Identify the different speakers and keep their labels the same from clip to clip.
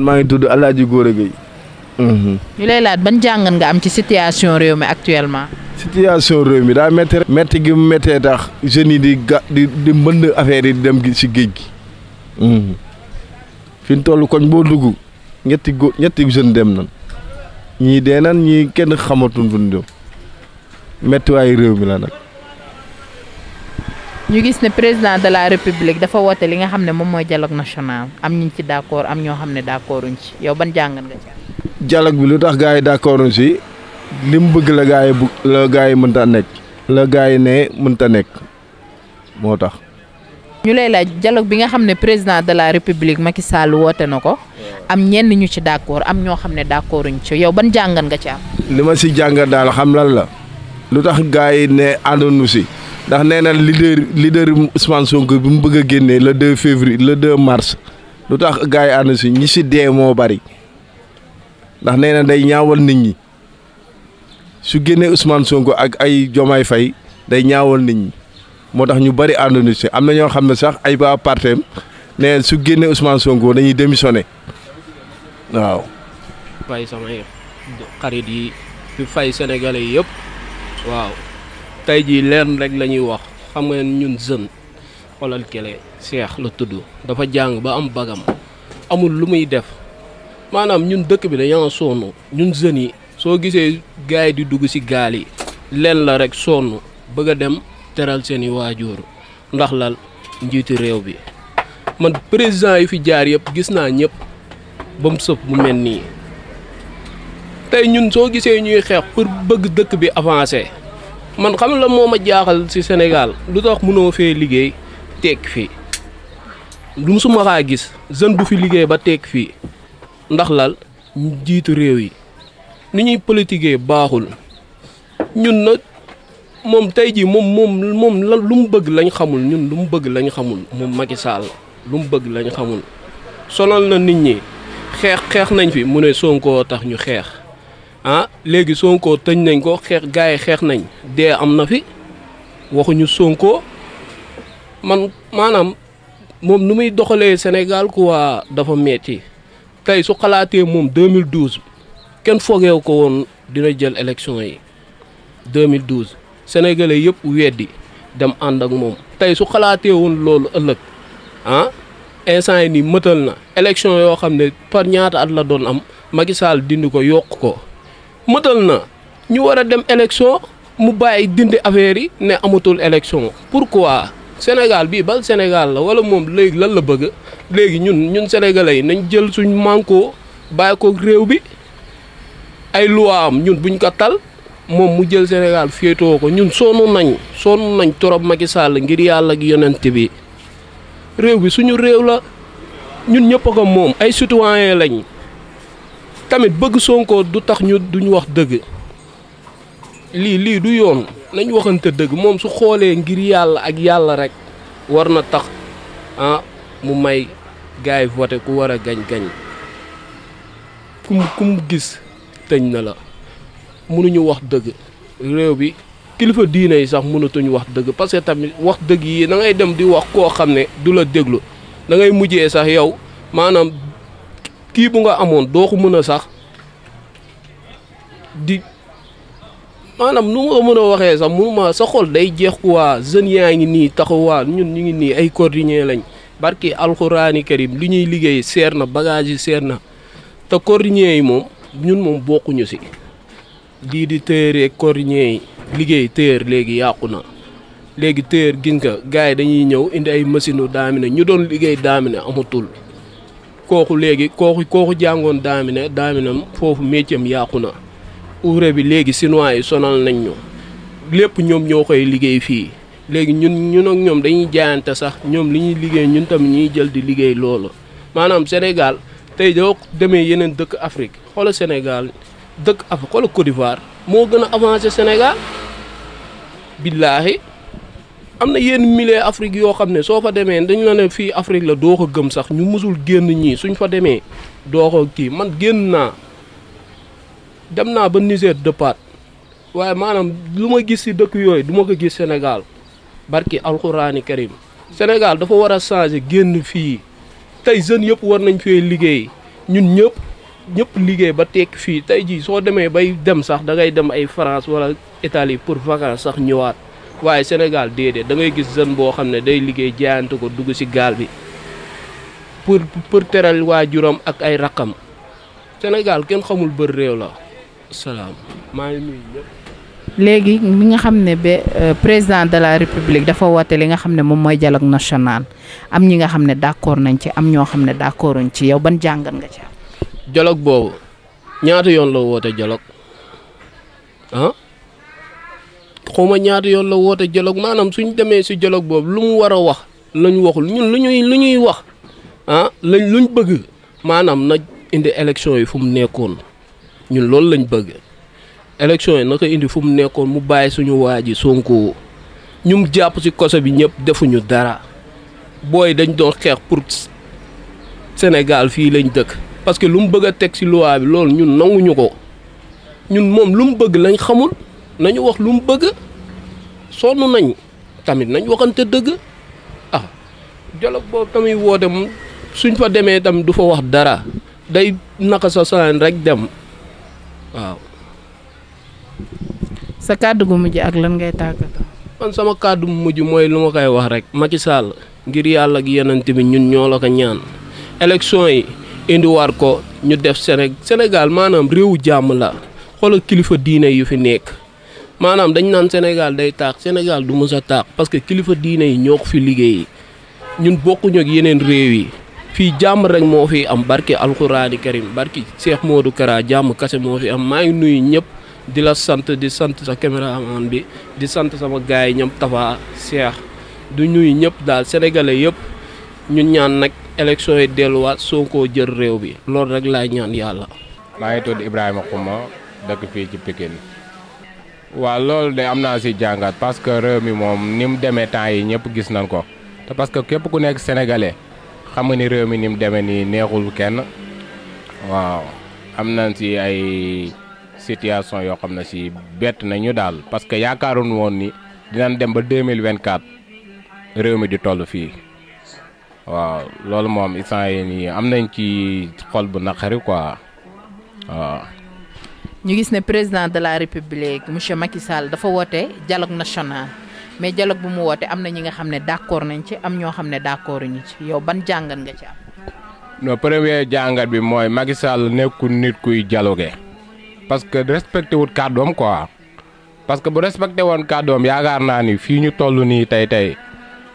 Speaker 1: man maa ngi tuddu aladji gore gay hmm
Speaker 2: ñu lay laaj ban jangane nga am ci situation réew mi actuellement. situation
Speaker 1: réew mi da metti metti gi mu méttee tax jeunes yi di di di mbënd affaire di dem gi ci geej gi. hmm fiñ tollu koñ bo duggu ñetti go ñetti jeune dem nan ñi dee nan ñi kenn xamatuñ fu ñu metti way réew mi la nak
Speaker 2: ñu gis ne président de la république dafa woote li nga xam ne moom mooy dialogue national am ñu ci d' accord am ñoo xam ne d' accorduñ ci yow ban jàngat nga
Speaker 1: ci lu tax gars yi d' ci li mu bëgg la gars yi bu la gars yi mënta nekk la gars yi ne mënta nekk moo tax.
Speaker 2: ñu lay laaj dialogue bi nga xam ne président de la république Macky Sall woote na ko am ñenn ñu ci d' accord am ñoo xam ne d' accorduñ ci yow ban jàngat nga ci am.
Speaker 1: li ma si jàngat daal xam lal la lu tax gars yi ne àndoonu si. ndax nee na leader leader Ousmane Sonko bi mu bëgg a génnee le 2 février le 2 mars lu tax gars yi ànd si ñi si dee moo bari ndax nee na day ñaawal nit ñi su génnee Ousmane Sonko ak ay Jomaay Fay day ñaawal nit ñi moo tax ñu bari ànduñu si am na ñoo xam ne sax ay ba parteem nee su génnee Ousmane Sonko dañuy démissionné waaw.
Speaker 3: fay samay xarit yi fi fay sénégalais yëpp waaw. tey jii leen rek la ñuy wax xam nga ñun jeune xoolal kele Cheikh la tudd dafa jàng ba am bagam amul lu muy def maanaam ñun dëkk bi dañoo sonn ñun jeunes yi soo gisee gars yi di dugg ci gaal yi leen la rek sonn bëgg a dem teral seeni waajur ndax lal njiitu réew bi man président yi fi jaar yëpp gis naa ñëpp ba mu sëf mu mel nii tey ñun soo gisee ñuy xeex pour bëgg dëkk bi avancé man xam la moo ma jaaxal ci Sénégal lu tax mënoo fee liggéey tekk fii lu musuma xaa gis jeune bu fi liggéey ba tekk fii ndax lal jiitu réew yi ni ñuy politiquer baaxul ñun nag moom tey jii moom moom moom la lu mu bëgg lañ xamul ñun lu mu bëgg lañu xamul moom Macky lu mu bëgg lañ xamul sonal na nit ñi xeex xeex nañ fi mu ne Sonko tax ñu xeex ah léegi Sonko tëñ nañ ko xeex gars yi xeex nañ dee am na fi waxuñu Sonko man maanaam moom nu muy doxalee Sénégal quoi dafa metti tey su xalaatee moom 2012 kenn foogeew ko woon dina jël élection yi 2012 sénégalais yëpp weddi dem ànd ak moom tey su xalaatee woon loolu ëllëg ah instant yi nii mëtal na élection yoo xam ne par ñaata at la doon am Macky Sall dindi ko yokk ko. mëtal na ñu war a dem élection mu bàyyi dindi affaire yi ne amatul élection pourquoi Sénégal bii bal Sénégal la wala moom léegi lan la bëgg léegi ñun ñun sénégalais yi nañ jël suñu mànkoo bàyyi ko réew bi ay loi am ñun buñ ko tal moom mu jël Sénégal féetoo ko ñun sonn nañ sonn nañ torop Macky ngir yàlla ak yonent bi réew bi suñu réew la ñun ñëpp ko moom ay citoyen lañ tamit bëgg Sonko du tax ñu duñu wax dëgg lii lii du yoon nañ waxante dëgg moom su xoolee ngir yàlla ak yàlla rek war na tax ah, mu may gaay voté ku war a gañ-gañ ku mu gis tëñ na la mënuñu wax dëgg réew bi kilifa diine yi sax mënatuñu wax dëgg parce que tamit wax dëgg yi da ngay dem di wax koo xam ne du la déglu dangay ngay mujjee sax yow maanaam kii bu nga amoon doo ko mën a sax di maanaam nu ma mën a waxee sax mënuma sa xol day jeex ku waa jeunes yaa ngi nii taxawaa ñun ñu ngi nii ay cordonnier lañ barki alxuraani karim li ñuy liggéey seer na bagage yi seer na te cordonnier yi moom ñun moom bokkuñu si dii di tëre cordonnier yi liggéey téer léegi yàqu na léegi téer gis nga gars yi dañuy ñëw indi ay machine u daamine ñu doon liggéey daamine amatul kooku léegi kooku kooku jàngoon daamine daaminam foofu métier am yàqu na urée bi léegi chinois yi sonal nañ ñu lépp ñoom ñoo koy liggéey fii léegi ñun ñun ak ñoom dañuy jaayante sax ñoom li ñuy liggéey ñun tamit ñuy jël di liggéey loolu maanaam Sénégal tey doo demee yeneen dëkk Afrique xoola Sénégal dëkk Afrique xoola Côte moo gën a avancé Sénégal billaahi am na yenn milliers Afrique yoo xam ne soo fa demee dañu la ne fii Afrique la doo ko gëm sax ñu mësul génn ñii suñ fa demee doo ko kii man génn naa dem naa ba Niger départ waaye maanaam lu ma gis si dëkk yooyu duma ko gis Sénégal barki alxuraani karim Sénégal dafa war a changer génn fii tey jeunes yëpp war nañ fee liggéey ñun ñëpp ñëpp liggéey ba tekk fii tey jii soo demee bay dem sax da ngay dem ay France wala Italie pour vacances sax ñëwaat. waaye Sénégal déedéet da ngay gis jeune boo xam ne day liggéey jaayante ko dugg ci gaal bi pour pour teral waajuram ak ay raqam Sénégal kenn xamul bër réew la salaam maa ngi nuyu
Speaker 2: léegi mi nga xam ne ba euh, président de la république dafa woote li nga xam ne moom mooy dialogue national am ñi nga xam ne d'accord nañ ci am ñoo xam ne nañ ci yow ban jàngat nga ci am.
Speaker 3: dialogue boobu ñaata yoon la woote dialogue xaw ma ñaata yoon la woote dialogue maanaam suñu demee si dialogue boobu lu mu war a wax lañu waxul ñun lu ñuy lu ñuy wax ah lañ luñ bëgg maanaam na indi élection yi fu mu nekkoon ñun loolu lañ bëgg élection yi na indi fu mu nekkoon mu bàyyi suñu waa ji Sonko ñu ngi jàpp si koso bi ñëpp defuñu dara booy dañ doon xeex pour Sénégal fii lañ dëkk parce que lu mu bëgg a teg si loi bi loolu ñun nanguñu ko ñun moom lu mu bëgg lañ xamul. nañu wax lu mu bëgg sonu nañu tamit nañ waxante dëgg ah dialogue boobu tamit dem suñ fa démé tam du fa wax dara day naka sa salan rek dem waaw
Speaker 2: sa kaddu gu mujj ak lan ngay tàggatoo
Speaker 3: man sama kaddu mu mujj moy lu ma koy wax rek Macky Sall ngir Yalla ak yenente bi ñun ñoo la ko ñaan élection yi war ko ñu def Sénégal manam réewu la kilifa diiné yu fi nekk maanaam dañ naan Sénégal day taax Sénégal du mës a taax parce que kilifa diine yi ñoo ko fi liggéey ñun bokkuñu ak yeneen réew yi fii jàmm rek moo fi am barki alxuraani karim barki Cheikh Modou Kara jàmm kase moo fi am maa ngi nuyu ñëpp di la sant di sant sa caméraman bi di sant sama gars yi ñoom Tafa Cheikh du nuyu ñëpp daal sénégalais yëpp ñun ñaan nag élection yi delluwaat Sonko jël réew bi loolu rek laay ñaan yàlla.
Speaker 4: maa ngi tudd Ibrahima Xuma dëkk fii ci waaw loolu de am naa si jàngat parce que réew mi moom ni mu demee temps yi ñëpp gis nañ ko te parce que képp ku nekk sénégalais xam nga ni réew mi ni mu demee nii neexul kenn waaw am nañ si ay situation yoo xam ne si bett nañu daal parce que yaakaaroon woon ni dinañ dem ba deux mille vingt quatre réew mi di toll fii waaw loolu moom instant yi nii am nañ ci xol bu naqari quoi waaw.
Speaker 2: ñu gis ne président de la république monsieur Macky Sall dafa woote dialogue national mais dialogue bu mu woote am na ñi nga xam ne d'accord nañ ci am ñoo xam ne d'accord ñu ci yow ban jàngat nga ci am.
Speaker 4: non premier jàngat bi mooy Macky Sall nekkul nit kuy dialogué parce que respecté wut kàddoom quoi parce que bu respecté woon kàddoom yaakaar naa ni fii ñu toll nii tey tey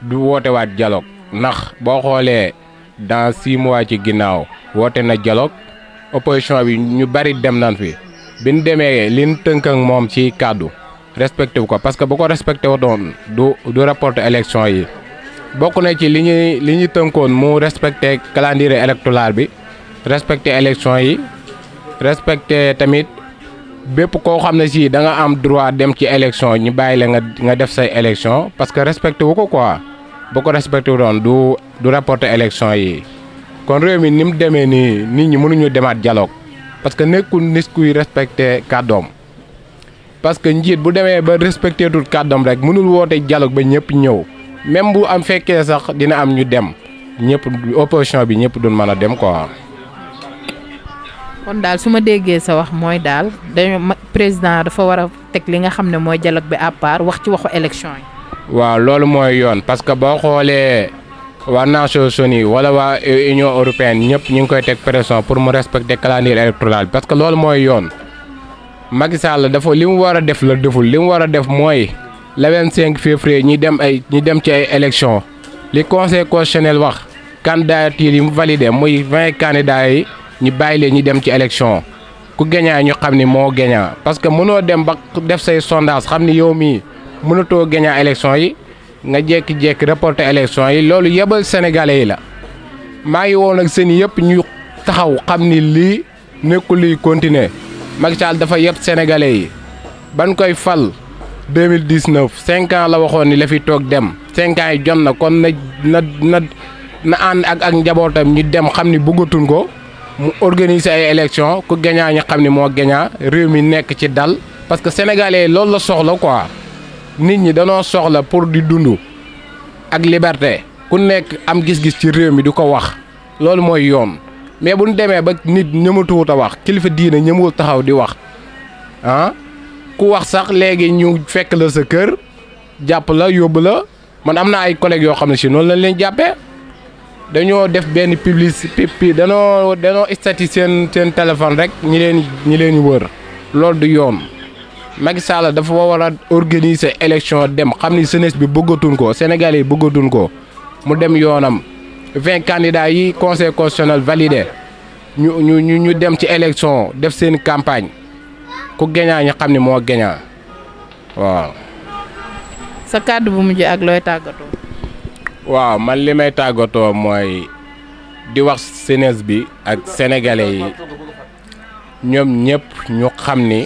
Speaker 4: du woote waat dialogue ndax boo xoolee dans six mois ci ginnaaw woote na jaloog opposition bi ñu bari dem nañ fi. bi nu demee li ñu moom ci kàddu respecté wu ko parce que bu ko respecté wu doon du du rapporté élection yi bokk na ci li ñuy li ñuy tënkoon mu respecté calendrier électoral bi respecté élection yi respecté tamit bépp koo xam ne si da nga am droit dem ci élection ñu bàyyi la nga nga def say élection parce que respecté wu ko quoi boo ko respecté wu doon du du rapporté élection yi kon réew mi ni mu demee nii nit ñi mënuñu demaat dialogue parce que nekkul nis kuy respecté kàddoom parce que njiit bu demee ba respecté tul kàddoom rek mënul woo woote dialogue ba ñëpp ñëw même bu am fekkee sax dina am ñu dem ñëpp opposition bi ñëpp duñ mën a dem quoi.
Speaker 2: kon daal su ma déggee sa wax mooy daal dañu président dafa war a teg li nga xam ne mooy dialogue bi à part wax ci waxu élection yi.
Speaker 4: waaw loolu mooy yoon parce que boo xoolee. waa Nations Unies wala waa Union européenne ñëpp ñu ngi koy teg pression pour mu respecter calendrier électoral parce que loolu mooy yoon Macky Sall dafa li mu war a def la deful li mu war a def mooy le 25 février ñi dem ay ñi dem ci ay élection li conseil constitutionnel wax candidature yi mu valide muy 20 candidats yi ñu bàyyi leen ñi dem ci élection ku gañaa ñu xam ni moo gañaa parce que mënoo dem ba def say sondage xam ni yow mii mënatoo gañaa élection yi. nga jékki-jékki reporté élection yi loolu yebal sénégalais yi la maa ngi woon ak seen yëpp ñu taxaw xam ni lii nekkul luy continuer Macky dafa yeb sénégalais yi ban koy fal 2019 cinq ans la waxoon ni la fi toog dem cinq ans yi jot na kon na na na na ànd ak ak njabootam ñu dem xam ni bëggatuñ ko mu organiser ay élection ku gañaa ñu xam ni moo gañaa réew mi nekk ci dal parce que yi loolu la soxla quoi nit ñi danoo soxla pour di dund ak liberté ku nekk am gis-gis ci réew mi di ko wax loolu mooy yoon mais bu demee ba nit ñëmatuwut a wax kilifa diine ñëmul taxaw di wax ah ku wax sax léegi ñu fekk la sa kër jàpp la yóbbu la man am naa ay collègues yoo xam ne si noonu lañ leen jàppe dañoo def benn public pipi danoo danoo statistique seen seen téléphone rek ñi leen ñi leen wër loolu du yoon. Macky Sall dafa war a organiser élection dem xam ni jeunesse bi bëggatuñ ko Sénégalais yi bëggatuñ ko mu dem yoonam vingt candidats yi conseil constitutionnel validé ñu ñu ñu ñu dem ci élection def seen campagne ku gañaa ñu xam ni moo gañaa waaw.
Speaker 2: sa kàddu bu mujj ak looy tàggatoo.
Speaker 4: waaw man li may tàggatoo mooy di wax jeunesse bi ak sénégalais yi ñoom ñëpp ñu xam ni.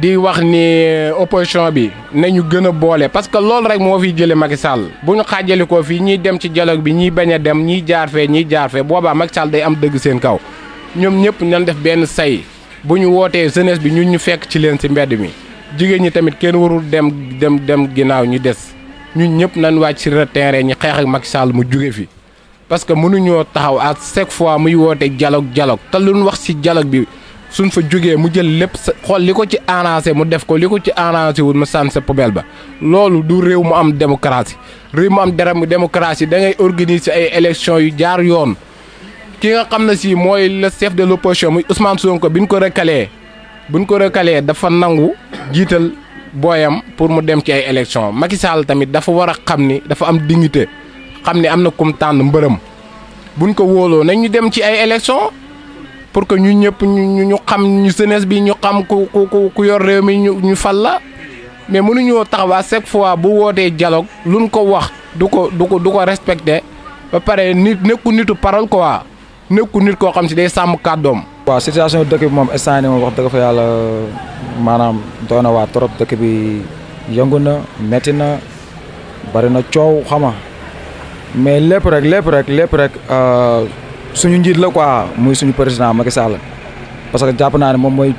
Speaker 4: di wax ni eh, opposition bi nañu gëna boole parce que lool rek mo fi jëlé Macky Sall bu ñu xaajali ko fi ñi dem ci dialogue bi ñi baña dem ñi jaar fe ñi jaar fe boba Macky Sall day am deug seen kaw ñom ñëpp ñan def ben say bu ñu wootee jeunesse bi ñun ñu fekk ci leen ci mbéd mi jigeen ñi tamit kenn warul dem dem dem ginaaw ñu dess ñun ñëpp nañ wacc ci le terrain ñi xex ak Macky Sall mu juggé fi parce que mënu ñoo taxaw à chaque fois muy woté dialogue dialogue ta luñ wax ci dialogue bi. suñ fa jógee mu jël lépp sa xool li ko ci arrangé mu def ko li ko ci arrangé wul mu sànni sa poubelle ba loolu du réew mu am démocratie réew mu am dara mu démocratie da ngay organiser ay élections yu jaar yoon ki nga xam ne si mooy le chef de l'opposition muy Ousmane Sonko bi ñu ko recalee bu ñu ko recalee dafa nangu jiital booyam pour mu dem ci ay élections Macky Sall tamit dafa war a xam ni dafa am dignité xam ni am na kum tànn mbërëm buñ ko wóoloo nañ dem ci pour que ñu ñëpp ñu ñu xam ñu jeunesse bi ñu xam ku ku ku yor réew mi ñu ñu fal la mais mënuñoo taxawaa à chaque fois bu wootee dialogue luñ ko wax du ko du ko du ko respecté ba pare nit nekku nitu parole quoi nekku nit koo xam si day sàmm kàddoom.
Speaker 5: waa situation dëkk bi moom instant moom wax dëgg fa yàlla maanaam doy na waa trop dëkk bi yongu na metti na bari na coow xama mais lépp rek lépp rek lépp rek. Euh, suñu njiit la quoi muy suñu président Macky Sall parce que jàpp naa ne moom mooy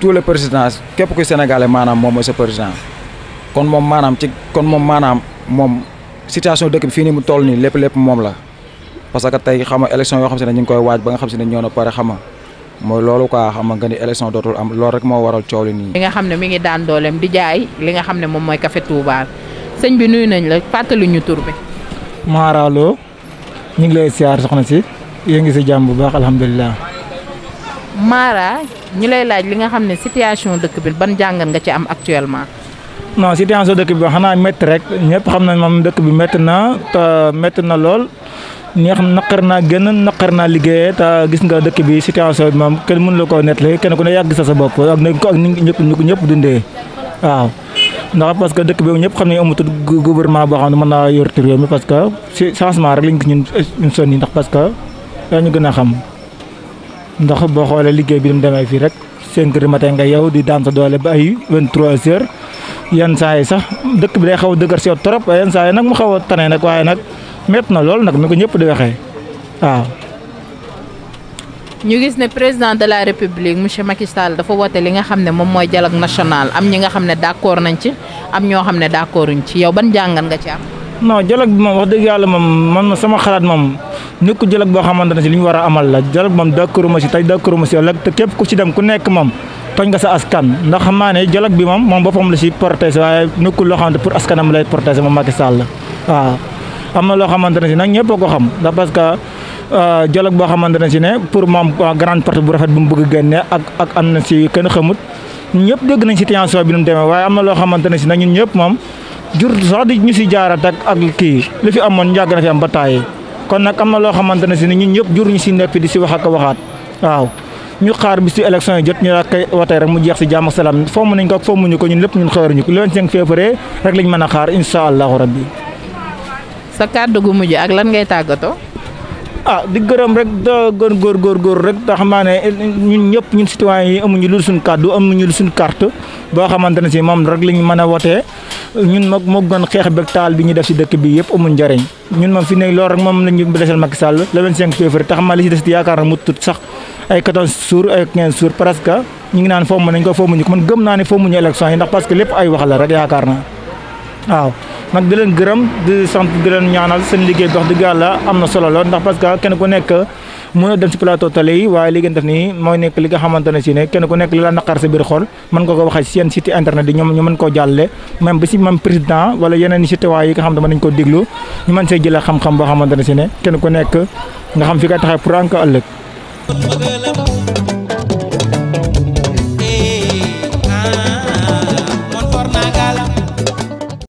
Speaker 5: tous les présidents képp kuy sénégalais maanaam moom mooy sa président kon moom maanaam ci kon moom maanaam moom situation dëkk bi fii nii mu toll nii lépp lépp moom la parce que tey xam nga élection yoo xam si ne ñu ngi koy waaj ba nga xam si ne ñoo na pare xam nga mooy loolu quoi xam nga ni élection dootul am lool rek moo waral coow li nii. li
Speaker 2: nga xam ne mu ngi daan dooleem di jaay li nga xam ne moom mooy café Touba sëñ bi nuyu nañ la fàttali ñu tur bi.
Speaker 5: ñu ngi lay siyaar soxna si yéen ngi si jàmm bu baax alhamdulilah.
Speaker 2: Mara ñu lay laaj li nga xam ne situation dëkk bi ban jàngat nga ci am actuellement.
Speaker 5: non situation dëkk bi xanaa metti rek ñëpp xam nañ moom dëkk bi métti na te métti na lool. neex naqar naa génn naqar naa liggéeyee te gis nga dëkk bi situation bi moom kenn mënu la koo nettali kenn ko ne yàgg sa sa bopp ak ni ko ak ni ñëpp ñëpp dundee waaw. ndax parce que dëkk bi ñëpp xam ne amatul gouvernement boo xam ne mën naa yorti réew mi parce que si changement rek liñ ko ñun ñun sonni ndax parce que dañu ñu gën a xam ndax boo xoolee liggéey bi dem demee fii rek cinq heures matin nga yow di daan doole ba ay vingt trois heures yan saa yi sax dëkk bi day xaw a dëgër sew trop yan saa yi nag mu xaw a tane nag waaye nag métti na lool nag mi ko ñëpp di waxee waaw
Speaker 2: ñu gis ne président de la république monsieur Macky Sall dafa woote li nga xam ne moom mooy dialogue national am ñi nga xam ne d'accord nañ ci am ñoo xam ne d'accorduñ ci yow ban jàngat nga ci am.
Speaker 5: non dialogue bi moom wax dëgg yàlla moom man sama xalaat moom nekku dialogue boo xamante ne si li ñu war a amal la dialogue moom d'accord ma si tey d'accord ma si ëllëg te képp ku ci dem ku nekk moom. tooñ nga sa askan ndax xam naa ne dialogue bi moom moom boppam la si protéger waaye nekkul loo xamante pour askanam lay protéger moom Macky Sall waaw am na loo xamante ne si nag ñëpp ko xam ndax parce dialogue euh, bo xamantene ci ne pour mom grande porte bu rafet bu mu bëgg gënne ak ak am na ci kenn xamut ñëpp dégg nañ ci tension bi ñu démé waye amna lo xamantene ci na ñun ñëpp mom jur sax di ñu ci jaarat ak ak ki li fi amoon ñag na fi am bataay kon nak amna lo xamantene ci ñun ñëpp jur ñu ci nepp di ci wax ak waxaat waaw ñu xaar bi ci élection yi jot ñu rak waté rek mu jeex ci jamm salam salaam fomm nañ ko ak ñu ko ñun lepp ñun xëwaruñu ko 25 février rek lañ mëna xaar inshallah rabbi
Speaker 2: sa kàddu gu mujj ak lan ngay tagato
Speaker 5: ah di gërëm rek da gën gor gor gor rek tax mané ñun ñëpp ñun citoyen yi amuñu lu suñu cadeau amuñu lu suñu carte bo xamante ci mom rek liñu mëna a ñun mag mo gën xex bek taal bi ñi def ci dëkk bi yëpp amuñu njariñ ñun mom fi ne loolu rek mom lañu desal Macky Sall le 25 février tax ma li ci des ci yaakaar na mu tut sax ay 14 jours ay 15 jours presque ñi ngi naan foomu nañ ko foomuñu ko man gëm naa ne ñu élection yi ndax parce que lepp ay wax la rek yaakaar na waaw nag di leen gërëm di sant di leen ñaanal seen liggéey dox dëgg yàlla am na solo lool ndax parce que kenn ku nekk mën a dem si plateau télé waaye li ngeen def nii mooy nekk li nga xamante ne si ne kenn ku nekk li la naqar sa biir xol mën nga ko waxee si seen site internet yi ñoom ñu mën koo jàllale même ba si même président wala yeneen i citoyen yi nga xam ne mën nañu ko déglu ñu mën see jëlee xam-xam boo xamante ne si ne kenn ku nekk nga xam fi nga taxee pour ànk